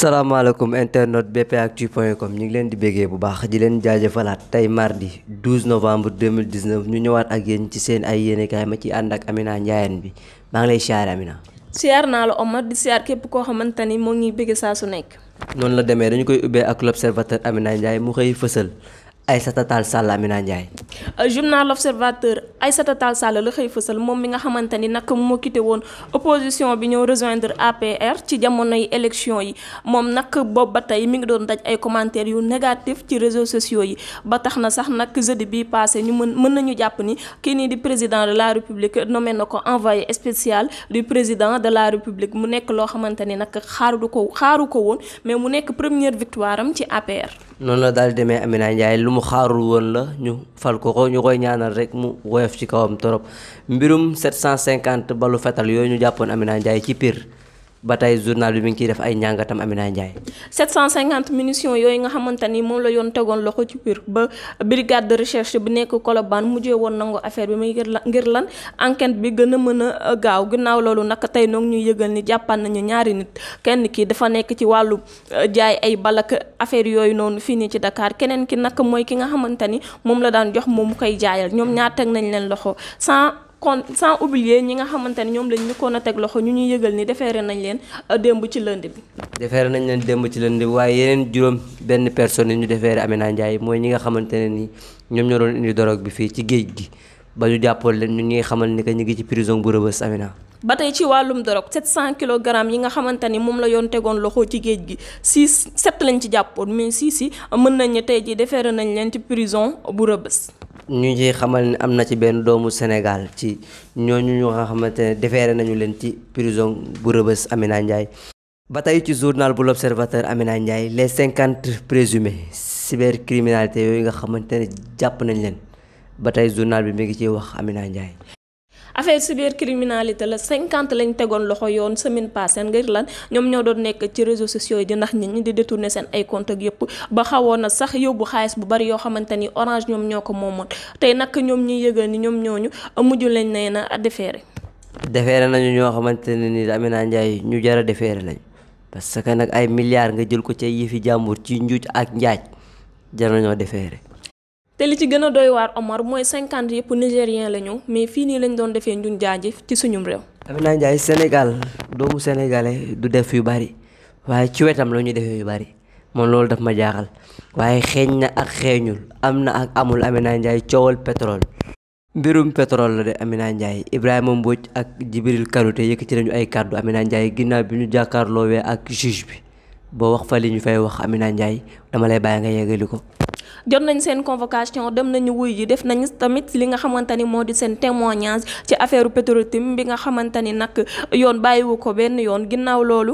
salaamaaleykum internet bpactu.com ñi ngi leen di béggee bu baax di leen jaajëfalaat tey mardi 12 novembre 2019 ñu ñëwaat ak yéen ci seen ay yéenekaay ma ci ànd ak Amina Ndiayène bi maa ngi lay siyaare Amina. siyaar naa la Omar di siyaar képp koo xamante ni moo ngiy bëgg saa su nekk. noonu la demee dañu koy ubbee ak l'observateur Amina Ndiaye mu xëy fësal. Aïssata Tall Sall Amina Ndiaye. Euh, journal l'observateur Aïssata Tall Sall la xëy fësal moom mi nga xamante ni nag moo quitté woon opposition bi ñëw rejoindre APR ci jamonoy élection yi moom nag boobu ba tey mi ngi doon daj ay commentaires yu negatif ci réseau sociaux yi ba tax na sax nag jeudi bi passé ñu mën mën nañu jàpp ni kii nii di président de la république nommé na ko envoyé spécial du président de la république mu nekk loo xamante ni nag xaaru ko xaaru ko woon mais mu nekk première victoire lu mu xaarul woon la ñu fal ko ko ñu koy ñaanal rek mu woyof ci kawam torop mbirum 750 balu fetal yooyu ñu jàppoon Amina Ndiaye ci piir ba tey journal bi mi ngi ciy def ay njàngatam Amina Ndiaye. 750 munitions yooyu nga xamante ni moom la yoon tegoon loxo ci biir ba brigade de recherche bi nekk Colobane mujjee woon nangu affaire bi ngir lan ngir lan enquête bi gën a mën a gaaw ginnaaw loolu nag tey noog ñu yëgal ni jàppan nañu ñaari nit kenn kii dafa nekk ci wàllu euh, jaay ay balak affaire yooyu noonu fii nii ci dakaar keneen ki nag mooy ki nga xamante ni moom la daan jox moom koy jaayal ñoom ñaar teg nañ leen loxo sans. kon sans oublier ñi nga xamante ne ñoom lañ njëkkoon a teg loxo ñu ñuy yëgal ni defeere euh, nañ leen démb ci lënd bi. defeere leen démb ci lënd waaye yeneen juróom benn personne yi ñu defeere Amina Ndiaye mooy ñi nga xamante ne ni ñoom ñoo doon indi dorog bi fii ci géej gi ba ñu jàppoon leen ñu ngi xamal ni que ñu ngi ci prison bu Rebeuss Amina. ba tey ci wàllum dorog 700 kilogrammes yi nga xamante ni moom la yoon tegoon loxo ci géej gi six sept lañ ci jàppoon mais six si mën nañ ne tey jii defeere nañu leen ci prison bu Rebeuss. ñu ngi xamal ne am na ci benn doomu Sénégal ci ñooñu ñu nga xamante ne defeere nañu leen ci prison bu Rebeuss Amina Ndiaye. ba tey ci journal bu l'Observateur Amina Ndiaye les cinquante présumés cybercriminalité yooyu nga xamante ne jàpp nañ leen ba tey journal bi mi ngi ciy wax Amina Ndiaye. affaire cybercriminalité la cinquante lañ tegoon loxo yoon semaine passée ngir lan ñoom ñoo doon nekk ci réseaux sociaux yi di ndax nit ñi di détourner seen ay compte yëpp ba xawoon na sax yóbbu xaalis bu bari yoo xamante ni orange ñoom ñoo ko moomoon tey nag ñoom ñuy yëgal ni ñoom ñooñu mujj lañ nee na defeere defeere nañu ñoo xamante ne ni Amina Ndiaye ñu jar a defeere lañ parce que nag ay milliards nga jël ko ci yëfi jàmbur ci njuuj ak njaaj jar nañoo defeere te li ci gën a doy waar Omar mooy cinquante yëpp nigérien lañu mais fii nii lañ doon defee njun jaaji ci suñum réew. Amina Ndiaye Sénégal doomu sénégalais du def yu bari waaye ci wetam la ñuy defee yu bari moom loolu daf ma jaaxal waaye xeeñ na ak xeeñul am na ak amul Amina Ndiaye coowal pétrole. mbirum pétrole la de Amina Ndiaye Ibrahima Mbodj ak Jibril Kanouté ci nañu ay kàddu Amina Ndiaye ginnaaw bi ñu jàkkaarloowee ak juge bi boo wax fa li ñu fay wax Amina Ndiaye dama lay bàyyi nga yeggali ko. jot nañ seen convocation dem nañu wuy ji def nañ tamit li nga xamante ni moo di seen témoignage ci affaire petro bi nga xamante ni nag yoon bàyyiwu ko benn yoon ginnaaw loolu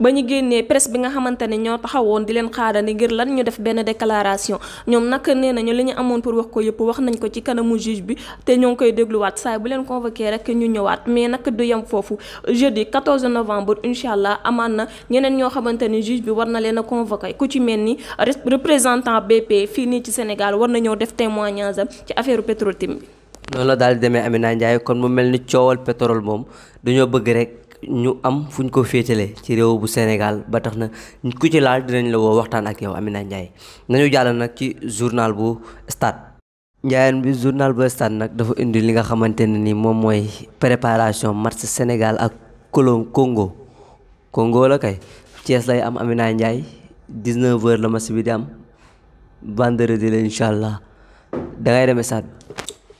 ba ñu génnee presse bi nga xamante ne ñoo taxawoon di leen ni ngir lan ñu def benn déclaration ñoom nag nee nañu li ñu amoon pour wax ko yëpp wax nañ ko ci kanamu juge bi te ñoo ngi koy dégluwaat saa bu leen convoqué rek ñu ñëwaat mais nag du yem foofu jeudi 14 novembre incha allah amaan na ñeneen ñoo xamante ne juge bi war na leen a convoqué ku ci mel ni représentant BP fii nii ci Sénégal war na ñëw def témoignage am ci affaire Petro-Tim bi. daal di demee Amina Ndiaye kon mu mel ni coowal pétrole moom dañoo bëgg rek. ñu am fuñ ko féetalee ci réew bu Sénégal ba tax na ku ci laal dinañ la woo waxtaan ak yow Amina Ndiaye nañu jàll nag ci journal bu stade. njaayeen bi journal bu stade nag dafa indi li nga xamante ne ni moom mooy préparation match Sénégal ak Colo Congo Congo la kay Thiès lay am Amina Ndiaye 19h la match bi di am vendredi la incha allah da ngay stade.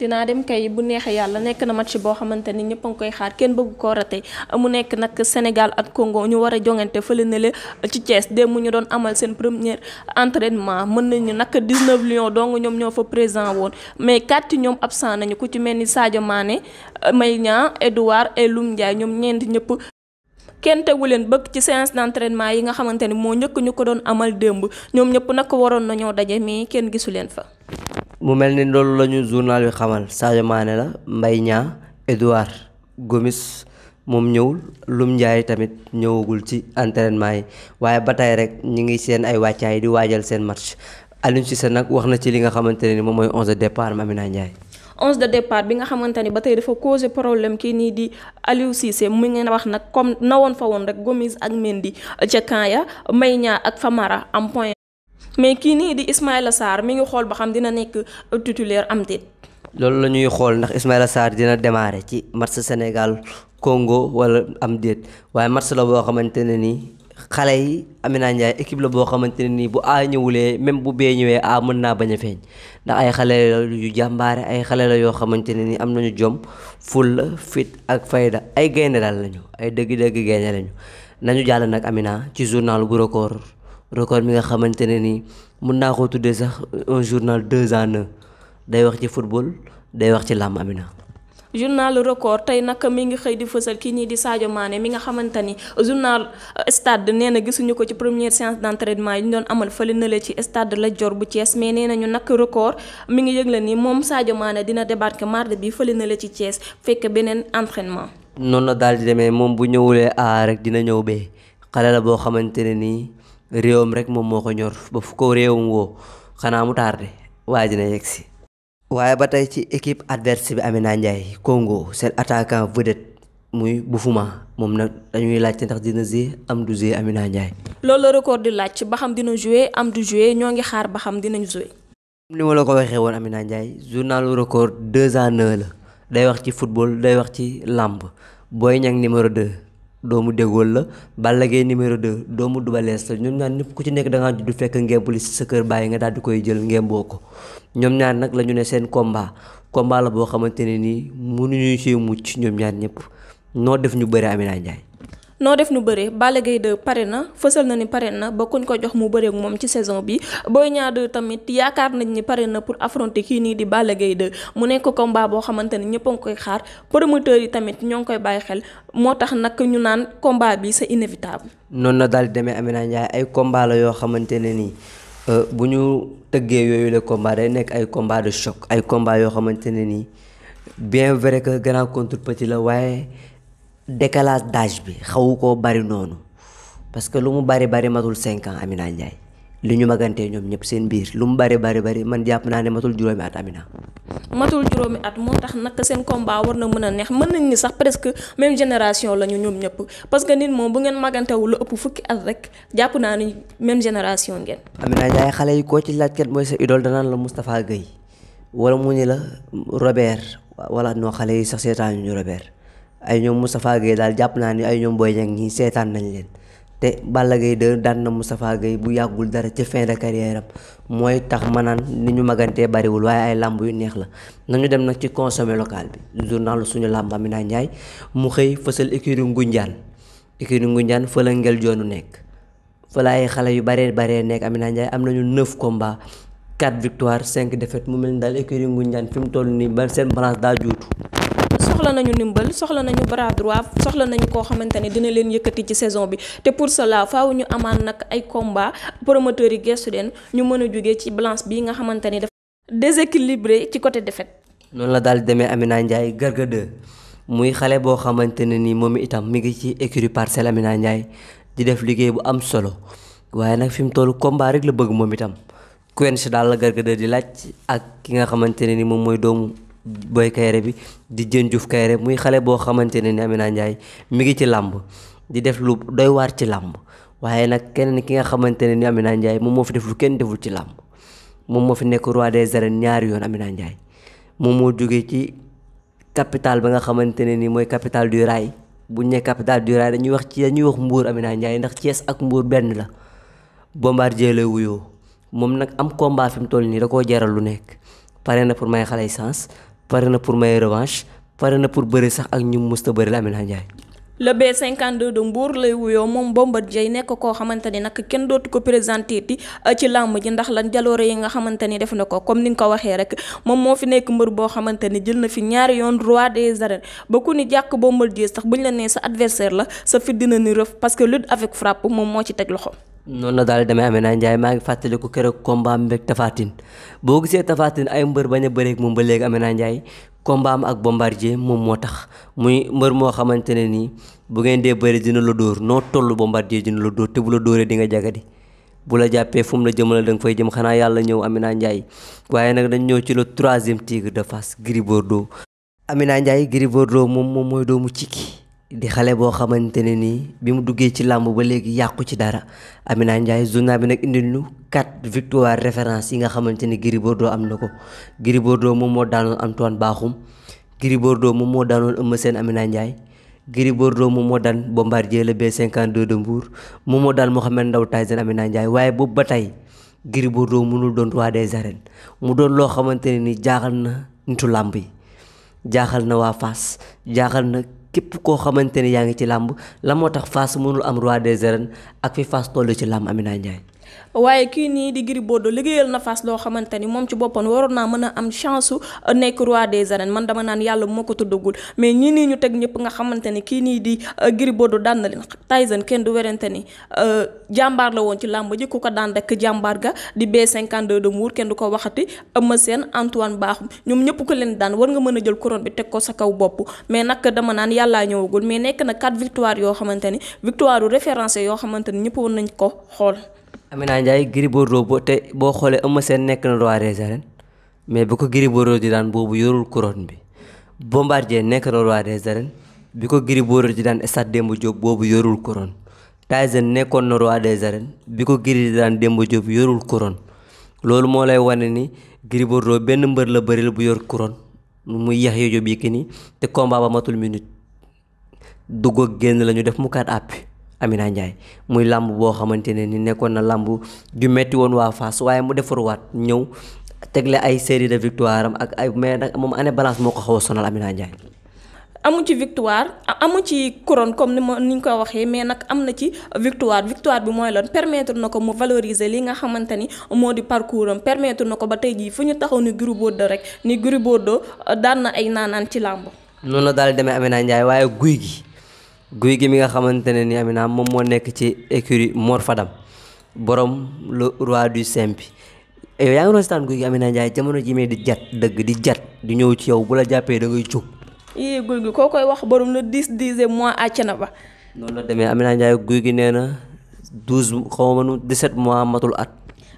dinaa dem kay bu neexee yàlla nekk na match boo xamante ni ñëpp a koy xaar kenn bëgg koo rate mu nekk nag Sénégal ak Congo ñu war a jongante fële na le ci Thiès démb ñu doon amal seen premier entraînement mën nañu nag 19 lions dong ñoom ñoo fa présent woon mais quatre ñoom absent nañu ku ci mel ni Sadio may ñaa Edouard et Loum Ndiaye ñoom ñeent ñëpp. kenn tegu leen bëgg ci séance d'entraînement yi nga xamante ni moo njëkk ñu ko doon amal démb ñoom ñëpp nag waroon nañoo daje mais kenn gisu leen fa. mu mel ni loolu la ñu journal bi xamal Sadio Mané la Mbaye Niang Edouard Gomis moom ñëwul Lum njaay tamit ñëwagul ci entraînement yi waaye ba tey rek ñi ngi seen ay wàccaay di waajal seen match Aliou Cissé nag wax na ci li nga xamante ne ni moom mooy 11 de départ naa Ndiaye. 11 de départ bi nga xamante ni ba tey dafa causé problème kii nii di Aliou Cissé mu ngeen wax nag comme na woon fa woon rek Gomis ak Mendy ca camp ya Mbaye Niang ak Famara am point. mais kii nii di Ismaïla Sarr mi ngi xool ba xam dina nekk titulaire am déet. loolu la ñuy xool ndax Ismaïla Sarr dina démarrer ci match Sénégal Congo wala am déet waaye match la boo xamante ne nii xale yi Amina Ndiaye équipe la boo xamante ne nii bu A ñëwulee même bu bee ñëwee A mën naa bañ a feeñ ndax ay xale yu jàmbaare ay xale la yoo xamante ne nii am nañu jom fulla fit ak fayda ay gaynde daal lañu ay dëgg-dëgg gaynde lañu nañu jàll nag Amina ci journal bu record mi nga xamante ne nii mun naa ko tuddee sax un journal deux en un day wax ci football day wax ci làmb Amina. journal record tey nag mi ngi xëy di fësal kii nii di saajo maane mi nga xamante ni journal euh, stade nee na gisuñu ko ci première séance d'entraînement yi ñu doon amal fële na la ci stade Lat Dior bu cees mais nee nañu nag record mi ngi yëgle ni moom Sadio maane dina débarquer mardi bi fële na ci Thiès fekk beneen entraînement. noonu la daal di demee moom bu ñëwulee A dina ñëw B réewam rek moom moo ko ñor ba fu ko réewam woo xanaa mu tardé waa ji na yegg waaye ba tey ci équipe adverse bi Amina Ndiaye Congo seen attaquant vedette muy Boufouma moom nag dañuy laajte ndax dina jouer am du jouer Amina Ndiaye. loolu la record di laaj ba xam dina jouer am du ñoo ngi xaar ba xam dinañ ni ma la ko waxee woon Amina Ndiaye journalu record deux ans la day wax ci football day wax ci làmb booy Niang numéro 2. doomu dégool la Balla Gaye numéro de doomu Double Less la ñoom ñaar ñëpp ku ci nekk da ngaa judd fekk ngembul si sa kër bàyyi nga daal di koy jël ngemboo ko ñoom ñaan nag la ñu ne seen combat combat la boo xamante ne nii mënuñu see mucc ñoom ñaan ñëpp noo def ñu bëri Amina Ndiaye. noo def nu bëree balle gay 2 pare na fësal na ni pare na ba ko jox mu bëree moom ci saison bi Boy Niang 2 tamit yaakaar nañ ni pare na pour affronter kii nii di balle Gaye 2 mu nekk combat boo xamante ne ñëpp a koy xaar promoteurs yi tamit ñoo ngi koy bàyyi xel moo tax nag ñu naan combat bi sa inévitable. noonu la daal di demee Amina Ndiaye ay combat la yoo xamante ne nii. Euh, bu ñu tëggee yooyu le combat day nekk ay combat de choc ay combat yoo xamante ne nii bien vrai que grand contre la waaye décalage d'âge bi xawu koo bari noonu parce que lu mu bari bari matul cinq ans Amina Ndiaye li ñu magantee ñoom ñëpp seen biir lu mu bari bari bari man jàpp naa ne matul juróomi at Amina. matul juróomi at moo tax nag seen combat war na mën a neex mën nañ ni sax presque même génération la ñu ñoom ñëpp parce que nit moom bu ngeen magantewul lu ëpp fukki at rek jàpp naa ni même génération ngeen. Amina Ndiaye xale yi koo ci laajkat mooy sa idole danaan la Moustapha Guèye wala mu ni la Robert wala noo xale ay ñoom Moustapha Gueye daal jàpp naa ni ay ñoom Boy Niang ñi seetaan nañ leen te Balla Gaye 2 daan na Moustapha Gueye bu yàggul dara ci fin de carrière am mooy tax manaan ni ñu magantee bariwul waaye ay làmb yu neex la nañu dem nag ci consommé local bi journal suñu làmb Amina Ndiaye mu xëy fësal écurie Ngunjaan écurie Ngunjaan fa la ngel joonu nekk fa la ay xale yu baree baree nekk Amina Ndiaye am na ñu 9 combats 4 victoires 5 défaites mu mel ni daal écurie Ngunjaan fi mu toll nii ba seen balance daa soxla nañu ndimbal soxla nañu bras soxla nañu koo xamante ne dina leen yëkkati ci saison bi te pour cela faaw ñu amaan nag ay combat promoteurs yi gestu leen ñu mën a jugee ci balance bi nga xamante ni dafa déséquilibré ci côté défaite. noonu la daal di demee Amina Ndiaye Garga 2 muy xale boo xamante ne ni moom itam mi ngi ci écurie Parcelles Amina Ndiaye di def liggéey bu am solo waaye nag fi mu toll combat rek la bëgg moom itam. Quench daal la Garga di laaj ak ki nga xamante ne ni moom mooy doomu. Boy Kayre bi di jën Diouf Kayre muy xale boo xamante ne ni Amina Ndiaye mi ngi ci làmb di def lu doy waar ci làmb waaye nag keneen ki nga xamante ne ni Amina Ndiaye moom moo fi def lu kenn deful ci làmb moom moo fi nekk roi des arènes ñaari yoon Amina Ndiaye moom moo jugee ci capital ba nga xamante ne ni mooy capital du rail bu ñu nee capital du rail dañuy wax ci dañuy wax Mbour Amina Ndiaye ndax Thiès ak mbuur benn la Bombardier lay wuyoo moom nag am combat fi mu toll nii da koo jaral lu nekk pare na pour may xale sens pare na pour may revanche pare na pour bëri sax ak ñu musta bëri Lamine Ndiaye. le B52 de Mbour lay wuyoo moom Bombardier nekk koo xamante ni nag kenn dootu ko présenté ti euh, ci làmb ji ndax lan jaloore yi nga xamante ni def na ko comme ni nga ko waxee rek moom moo fi nekk mbër boo xamante ni jël na fi ñaari yoon roi des arènes ba ku ni jàkk Bombardier sax bu ñu la nee sa adversaire la sa fit dina ni rëf parce que lutte avec frapp moom moo ci teg loxo. noonu la daal demee amee naa Ndiaye maa ngi fàttaliku keroog combat am beeg Tapha boo gisee tafaatin ay mbër bañ a bëreeg moom ba léegi amee naa Ndiaye combat am ak Bombardier moom moo tax muy mbër moo xamante ne nii bu ngeen dee bëri dina la dóor noo toll Bombardier dina la dóor te bu la dóoree di nga di bu la jàppee fu la jëmale da nga fay jëm xanaa yàlla ñëw Amina Ndiaye waaye nag dañ ñëw ci le troisième tigre de Fass Gris doo Amina Ndiaye Gris Bordeaux mooy doomu Cikki di xale boo xamante ne nii bi mu duggee ci làmb ba léegi yàqu ci dara Amina Ndiaye journal bi nag indi ñu quatre victoire référence yi nga xamante ni Gris am na ko Gris Bordeaux moom moo daanoon Antoine Bakhoum Gris Bordeaux moom moo daanoon Eumeu Sène Amina Ndiaye Gris Bordeaux moom moo daan Bombardier le B52 de Mbour moom moo daan Mohamed Ndao Tyson Amina Ndiaye waaye boobu ba tey Gris Bordeaux mënul doon roi des arènes mu doon loo xamante ne ni jaaxal na nitu làmb yi jaaxal na waa Fass jaaxal na képp koo xamante ne yaa ngi ci làmb la moo tax Fass mënul am roi des arènes ak fi Fass toll ci làmb Amina Ndiaye waaye kii nii di Gris Bordeaux liggéeyal na Fass loo xamante ni moom ci boppam waroon naa mën a am chance su nekk roi des arènes man dama naan yàlla moo ko tuddagul mais ñii ñu teg ñëpp nga xamante ni kii nii di euh, Gris Bordeaux daan na leen kenn du werante ni euh, jàmbaar la ci làmb ku ko daan rek jàmbaar ga di B52 de Mbour kenn du ko waxati Eumeu Sène Antoine Bakhoum ñoom ñëpp ko leen daan war nga mën a jël couronne bi teg ko sa bopp mais nag dama naan ñëwagul mais nekk na quatre victoire yoo xamante ni victoire yu yoo xamante ni ñëpp war nañ ko xool Amina Ndiaye Gris Bordeaux bo te boo xoolee Eumeu Sène nekk na roi des arènes mais bu ko Gris Bordeaux di daan boobu yorul couronne bi Bombardier nekk na roi des bi ko Gris Bordeaux di daan stade Demba Diop boobu yorul couronne Tyson nekkoon na roi des arènes bi ko Gris di daan Demba Diop yorul couronne loolu moo lay wane ni Gris Bordeaux benn mbër la bëril bu yor couronne muy Yaxya Diop Yékini te combat ba matul minute dugg ak génn la ñu def mu kaat Amina Ndiaye muy làmb boo xamante ne ni nekkoon na làmb ju metti woon waa Fass waaye mu defaruwaat ñëw tegle ay série de victoire am ak ay mais nag moom année balance moo ko xaw a sonal Amina Ndiaye. amu ci victoire amu ci couronne comme ni ma ni ñu ko waxee mais nag am na ci victoire victoire bi mooy lan permettre na ko mu valoriser li nga xamante ni moo di parcours am permettre na ko ba tey jii fu ñu taxaw ni Gris Bordeaux rek ni Gris Bordeaux daan na ay naanaan ci làmb. noonu la daal di demee Amina Ndiaye waaye guy gi. guy gi mi nga xamante ne ni Amina moom moo nekk ci écurie Mor Fadam borom le roi du simpi yow yaa ngi doon seetaan guy gi Amina Ndiaye jamono ji mee di jat dëgg di jat di ñëw ci yow bu la jàppee da ngay jóg. yii guy gi koo koy wax borom le dix dixième mois àcc na ba. noonu la demee Amina Ndiaye guy gi nee na douze xaw ma nu dix mois matul at.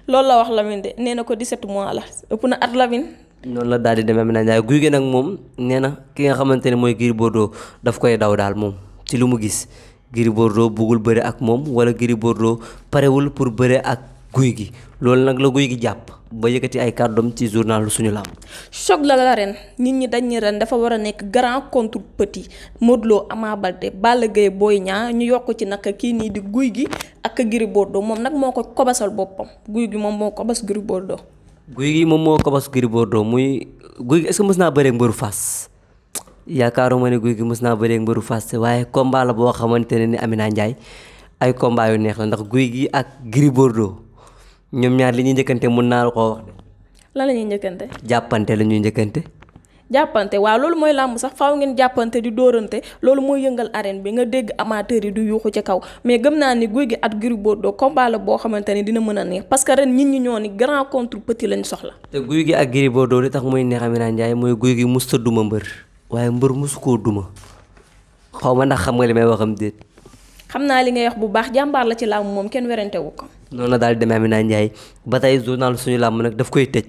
loolu la wax Lamine nee na ko 17 mois la ëpp na at Lamine. noonu la daal di demee Amina Ndiaye guy gi nag moom nee na ki nga xamante ne mooy Gris doo daf koy daw daal moom. ci lu mu gis Gris Bordeaux buggul bëri ak moom wala Gris Bordeaux parewul pour bëri ak guy gi loolu nag la guy gi jàpp ba yëkkati ay kàddoom ci journal suñu lamb. choc la la ren nit ñi dañ ren dafa war a nekk grand contre petit Modou Lo Ama Baldé Balla Gaye booy ñaar ñu yokk ci nag kii nii di guy gi ak Gris Bordeaux moom nag moo ko kobasal boppam guy gi moom moo kobas Gris guy gi moom moo kobas Gris Bordeaux muy guy gi est que mës naa bëree mbëru fas yaakaaruma ne guy gi mës naa bëreeg mbëru Fass waaye combat boo xamante ne ni naa Ndiaye ay combat yu neex la ndax guy gi ak Gris Bordeaux ñoom ñaar li ñuy njëkkante mën naa la koo wax de. lan la jàppante la ñuy njëkkante. jàppante waaw loolu mooy làmb sax faaw ngeen jàppante di dóorante loolu mooy yëngal arène bi nga dégg amateur yi du yuuxu ci kaw mais gëm naa ni guy gi at Gris Bordeaux combat la boo xamante ne dina mën a neex parce que ren nit ñi ñoo ni grand contre petit lañ soxla. te guy gi ak Gris Bordeaux tax muy neex Amina Ndiaye mooy guy gi musta duma mbër waaye mbër mosu koo duma xaw ma ndax xam nga li may waxam déet. xam naa li ngay wax bu baax jàmbaar la ci làmb moom kenn werante wu ko. noonu la daal deme demee Amina Ndiaye ba tey journal suñu làmb nag daf koy tëj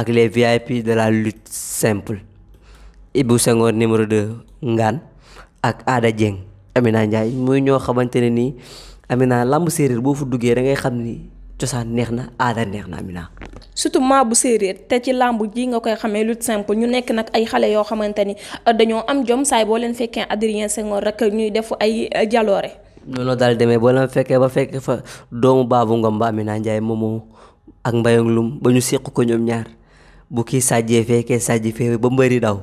ak les VIP de la lutte simple Ibou Senghor numéro 2 Ngaan ak Ada Dieng Amina Ndiaye muy ñoo xamante ne nii Amina làmb séeréer boo fu duggee da ngay xam nii cosaan neex na aada neex na Amina. surtout maa bu séeréer te ci làmb ji nga koy xamee lu simple ñu nekk nag ay xale yoo xamante ni euh, dañoo am jom saay boo leen fekkee Adrien Senghor rek ñuy def ay euh, jaloore. noonu daal demee boo leen fekkee ba fekk fa doomu baabu ngom ba Amina Ndiaye moomu ak mbayang lum ba ñu seq ko ñoom ñaar bu kii sàjjee fekkee sàjji fee ba mbëri daw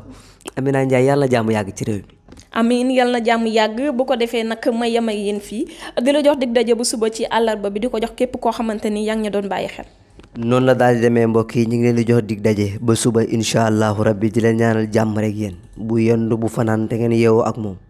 Amina Ndiaye yàlla jàmm yàgg ci réew mi amin yal na jàmm yàgg bu ko defee nag ma yem ak yéen fii di la jox dig daje ba suba ci àllarba bi di ko jox képp koo xamante ni yaa ngi doon bàyyi xel. noonu la daal di demee mbokk yi ñu ngi leen di jox dig daje ba suba incha allahu rabbi di leen ñaanal jàmm rek yéen bu yendu bu fanaan te ngeen yeewoo ak moom.